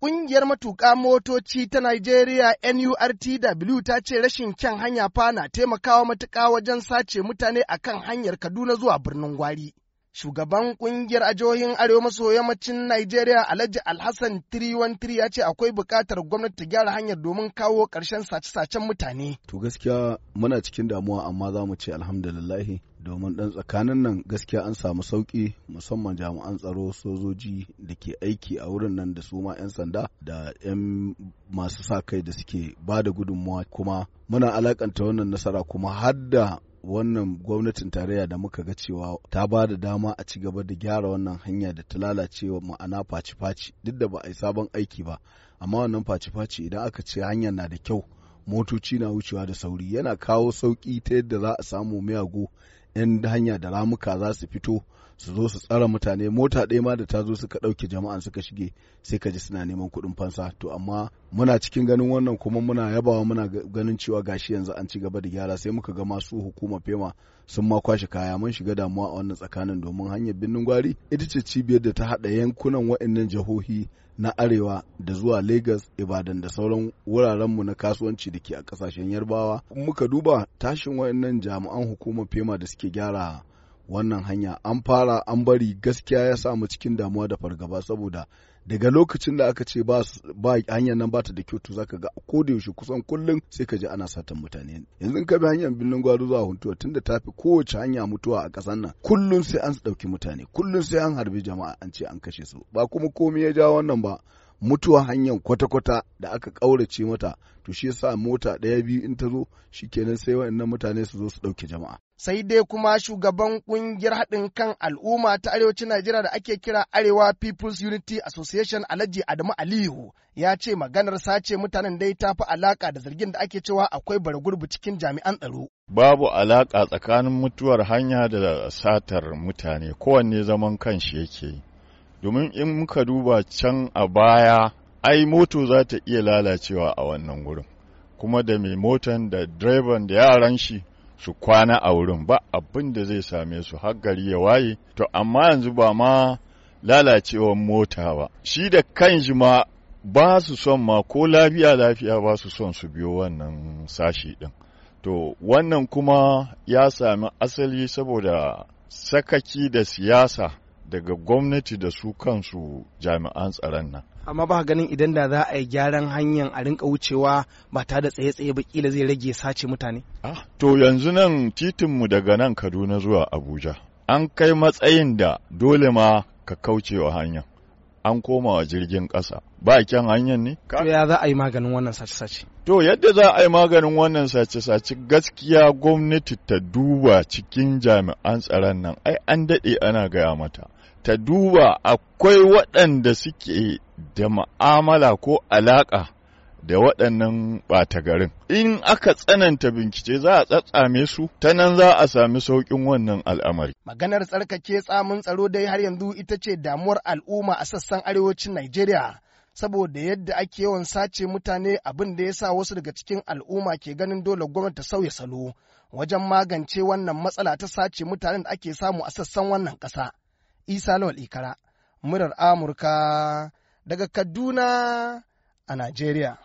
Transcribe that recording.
Ƙungiyar matuƙa motoci ta Najeriya NURTW ta ce rashin kyan hanya fa na taimakawa matuƙa wajen sace mutane a kan hanyar Kaduna zuwa birnin Gwari. Shugaban kungiyar ajiyoyin Arewa maso yammacin Najeriya Alhaji Alhassan 313 ya ce akwai bukatar gwamnati ta gyara hanyar domin kawo karshen sace-sacen mutane. To gaskiya muna cikin damuwa amma za mu ce alhamdulillahi domin ɗan tsakanin nan gaskiya an samu sauki musamman jami'an tsaro sojoji da ke aiki a wurin nan da su ma 'yan sanda da 'yan masu sa kai da suke ba da gudunmawa kuma muna alakanta wannan nasara kuma har da wannan gwamnatin tarayya da muka ga cewa ta ba da dama a ci gaba da gyara wannan hanya da ta lalacewa ma'ana faci-faci duk da ba a yi sabon aiki ba amma wannan faci-faci idan aka ce hanyar na da kyau motoci na wucewa da sauri yana kawo sauƙi ta yadda za a samu miyago 'yan hanya da ramuka za su fito su zo su tsara mutane mota ɗaya ma da ta zo suka ɗauke jama'a suka shige sai ka ji suna neman kuɗin fansa to amma muna cikin ganin wannan kuma muna yabawa muna ganin cewa gashi yanzu an ci gaba da gyara sai muka ga masu hukuma fema sun ma kwashe kaya mun shiga damuwa a wannan tsakanin domin hanyar birnin gwari ita ce cibiyar da ta haɗa yankunan wa'annan jihohi na arewa da zuwa lagos ibadan da sauran wurarenmu na kasuwanci da ke a ƙasashen yarbawa muka duba tashin wa'annan jami'an hukumar fema da suke gyara wannan hanya an fara an bari gaskiya ya samu cikin damuwa da fargaba saboda daga lokacin da aka ce ba hanyar nan bata da kyau zaka ga ko da yaushe kusan kullum sai ka ji ana satan mutane yanzu ka bi hanyar birnin gwado zuwa huntuwa tunda ta fi kowace hanya mutuwa a ƙasar nan kullum sai an ɗauki mutane kullum sai an harbi jama'a an ce an kashe su ba kuma komai ya ja wannan ba mutuwa hanyar kwata-kwata da aka ƙaurace mata to shi yasa mota ɗaya biyu in ta zo shi kenan sai waɗannan mutane su zo su ɗauke jama'a. Sai dai kuma shugaban ƙungiyar haɗin kan al'umma ta arewacin Najeriya da ake kira Arewa People's Unity Association Alhaji Adamu Aliyu ya ce maganar sace mutanen dai ta fi alaƙa da zargin da ake cewa akwai baragurbu cikin jami'an tsaro. Babu alaƙa tsakanin mutuwar hanya da satar mutane kowanne zaman kanshi yake yi. domin in muka duba can a baya ai moto za ta iya lalacewa a wannan wurin kuma da mai motan da direban da yaran shi su kwana a wurin ba abin da zai same su har ya waye to amma yanzu ba ma lalacewar mota ba shi da kan ma ba su son ma ko lafiya lafiya ba su son su biyo wannan sashi din to wannan kuma ya sami asali saboda sakaki da siyasa daga gwamnati da su kansu jami'an tsaron nan. Amma ba ganin idan da za a yi gyaran hanyar a rinka wucewa ba ta da tsaye-tsaye ba kila zai rage sace mutane? Ah, to yanzu nan titinmu daga nan Kaduna zuwa Abuja. An kai matsayin da dole ma ka kaucewa hanyar. an koma wa jirgin ƙasa ba kyan hanyar ne? To ya za a yi maganin wannan sace-sace? To yadda za a yi maganin wannan sace-sace gaskiya gwamnati ta duba cikin jami'an tsaron nan ai an daɗe ana gaya mata. Ta duba akwai waɗanda suke da ma'amala ko alaƙa da waɗannan ɓata garin. In aka tsananta bincike za a tsatsame su, ta nan za a sami sauƙin wannan al'amari. Maganar tsarkake tsamin tsaro dai har yanzu ita ce damuwar al'umma a sassan arewacin Najeriya. Saboda yadda ake yawan sace mutane abin da ya sa wasu daga cikin al'umma ke ganin dole gwamnati sauya salo wajen magance wannan matsala ta sace mutanen da ake samu a sassan wannan ƙasa. Isa Lawal Ikara, murar Amurka daga Kaduna a Najeriya.